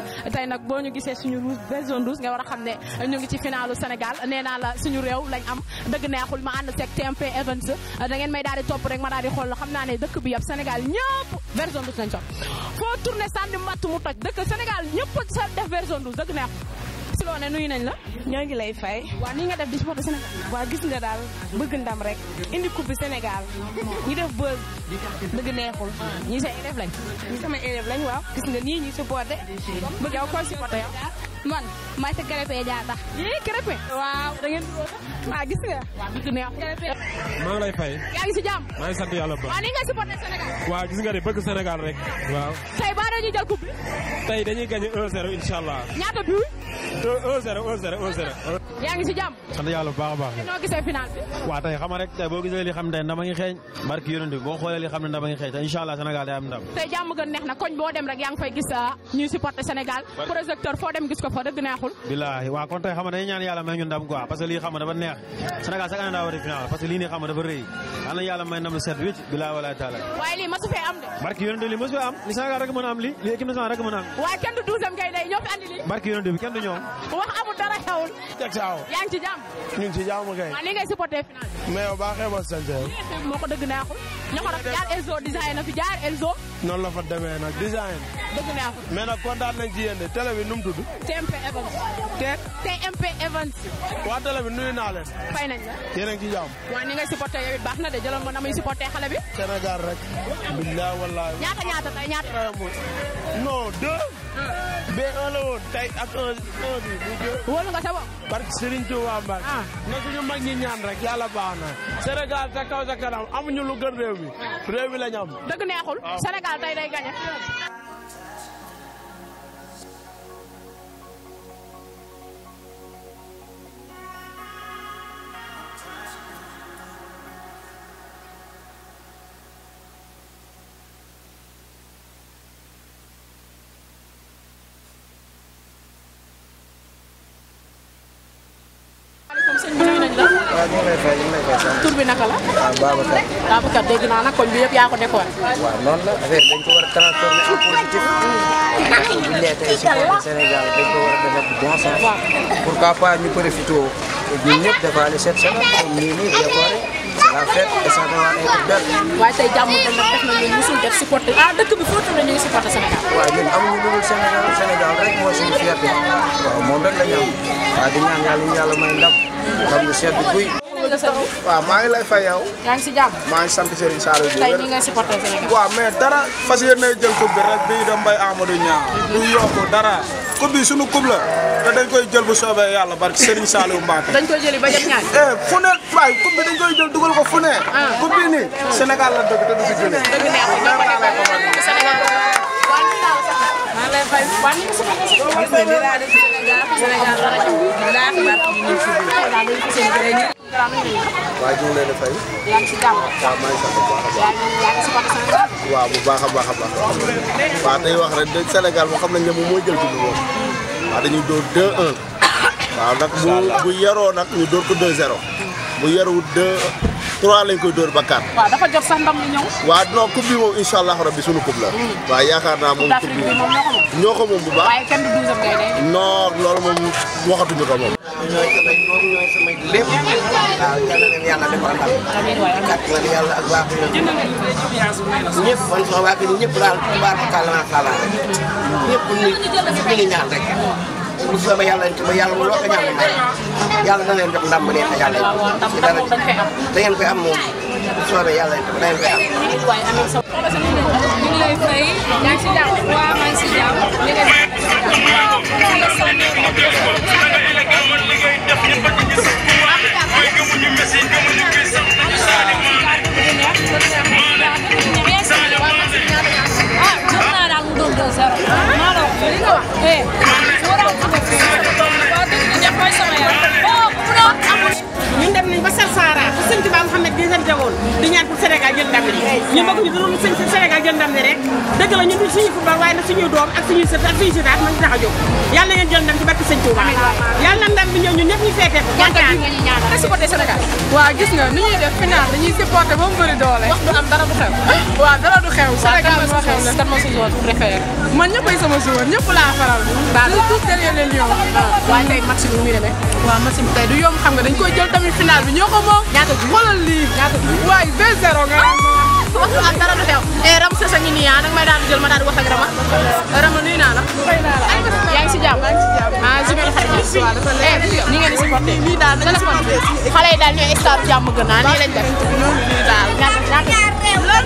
ne tey nag boo ñu gisee suñu rouge vert jaune nga war a xam ne ñu ngi ci finalu Sénégal nee naa la suñu réew lañ am dëgg neexul ma ànd seeg TMP Events da ngeen may daal di topp rek ma daal di xool xam naa ne dëkk bi yëpp Sénégal ñëpp vert jaune rouge lañ sopp foo tourné sànni matt mu toj dëkk Sénégal ñëpp sa def vert jaune dëgg neexul loone nuyu nañ la. ñoo ngi lay fay. waa ni nga def di sport Sénégal. waa gis nga daal bëgg ndam rek. indi coupe bi Sénégal. ñi def bër dëgg neexul. ñi sa élève lañ. ñi sama élève lañ waaw. gis nga nii ñi supporté. bëgg yow koo supporté yow. man maa sa crêpe jaata. yee crêpe. waaw da ngeen ah gis nga. waaw gis neex. crêpe. maa lay fay. yaa ngi si jàmm. sant yàlla ba. waaw nga supporté Sénégal. waaw gis nga de bëgg rek. waaw. dañuy jël coupe dañuy 1-0 allah. ñaata bi. 1-0 1-0 1-0. yaa ngi si sant yàlla bu baax baax. gisee final bi. waaw tey xama rek tey boo gisee li xam ne ndama ngi xeeñ. barki yonent bi boo li xam ne ndama ngi allah day am ndam. tey jàmm gën neex na koñ dem rek yaa fay gis ñuy supporté Sénégal projecteur foo dem gis ko wax dëgg neexul billaahi waaw kon tey xam nga dañuy ñaan dafa neex Sénégal chaque année daa war a parce que lii nii xam dafa rëy yal na may ndam lu set wicc taala waaye lii masu fee am de barki yonent bi lii masu fee am li Sénégal rek mën a am lii lii équipe nationale rek mën a am waaye kenn du douzième ngay day ñoo fi andi lii barki yonent bi kenn du ñoom wax amul dara xewul yaa ngi ci jàmm ñu kay lii ngay supporté final mais yow baaxee ma sant moo ko dëgg neexul ñoo ko noonu la fa demee nag design. dëgg naa ko. mais nag kontaan nañ de télé bi nu mu tudd. TMP Events. TMP Events. waa télé bi nuyu naa leen. fay nañ la. yéen a ngi ci jàmm. waa ni ngay supporté yow baax na de jëloon nga na muy xale bi. Sénégal rek. billaay wallaay. ñaata ñaata tey ñaata. Euh, non deux. B1 la woon tey ak 1 1 bi bu jë. wóolu nga sa bopp. barke Serigne Touba Mbacke. ah na suñu mag ñi ñaan rek yàlla baax na. Sénégal sa kaw sa kanam amuñu lu gën réew mi réew mi la ñu am. dëgg neexul ah. Sénégal tey day gagné. waaw ñu ngi lay fay ñu ngi lay fay sant. tur bi naka la. waaw Babacar. Babacar dégg naa nag koñ bi yëpp yaa ko décoré. waaw noonu la affaire dañ ko war a transformer en positif. bu ñu nee tey supporter Sénégal dañ ko war a defar bu bon sens. pourquoi pas ñu profité ñun ñëpp defaale cette semaine comme nii nii décoré. la fête et ça doit être belle. waaye tey jàmm bi nag def nañu musul def supporter ah dëkk bi foo toll ñu ngi supporter Sénégal. waaw ñun amuñu lu dul Sénégal Sénégal rek mooy suñu fierté waaw moom rek la ñu am. waaw di ñaan yàlla ñu yàlla may ndam ndam lu sedd guy. waaw maa ngi lay fay yow. yaa ngi si jàmm. maa ngi sant Serigne Saliou Diop. tey nii ngay supporté dara fas jël coupe bi bii dem bay Amadou Niang. du yokk bi sunu coupe la te dañ koy jël bu soobee yàlla barke Serigne Saliou Mbacke. dañ koy jëli ba jëm ñaari. Eh, fu ne jël dugal ko fu ne. Ah. coupe bi nii la dëgg te du waaw ni nga soxla si leen fay. yaa bu baax a baax. a baax a tey wax rek de Sénégal boo xam ne ñoom mooy jël tuuti moom. waaw dañuy dóor 2-1. waaw nag bu yaroo nag ñu dóor ko 2-0. bu yaruwut 2. trois lañ koy dóor ba quatre. waaw bi moom incha allah mm. yaakaar naa moom. coupe bi moom bu baax. waaye kenn du douzième ngay bu soobee yàlla ba yàlla mu loo ko ñaan yàlla dana leen jox ndam bu neex a yàlla ci dara da ngeen koy am moom bu soobee yàlla da ngeen koy am. ñu ngi lay fay. yaa ngi si jàmm waaw maa ngi si jàmm ñu ngi lay def. Sénégal jël ndam li ñun bëgg ñu dul jël ndam li rek dëgg la ñun suñu football waaye nag suñu doom ak suñuy sët ak suñu sëtaat ma ngi tax a jóg yàlla na ngeen jël ndam ci barke sëñ Touba yàlla na ndam bi ñëw ñun ñëpp ñu feetee ko kontaan waa gis nga ni ñuy def final dañuy supporter ba mu bëri doole. wax du am dara du xew. waaw dara du xew. Sénégal moo xew la kan moo sa joueur préféré. man ñëppay sama joueur ñëpp laa faral. baax na tous derrière les lions. waaw tey match bi muy demee. waaw match bi tey du yomb xam nga dañ koy jël tamit final bi ñoo ko moom. ñaata bi xoolal lii. ñaata bi waaye 2-0 nga. wax du am dara du xew. eh Ram sa sa ngi nii ah nag may daal di jël ma daal di wax ak Rama. Rama nuyu naa la. nuyu naa la yaa ngi si jàmm yaa ngi si Eh, ni ngeen di supporté xale yi daal ñooy stade gën naa nii lañ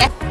def. daal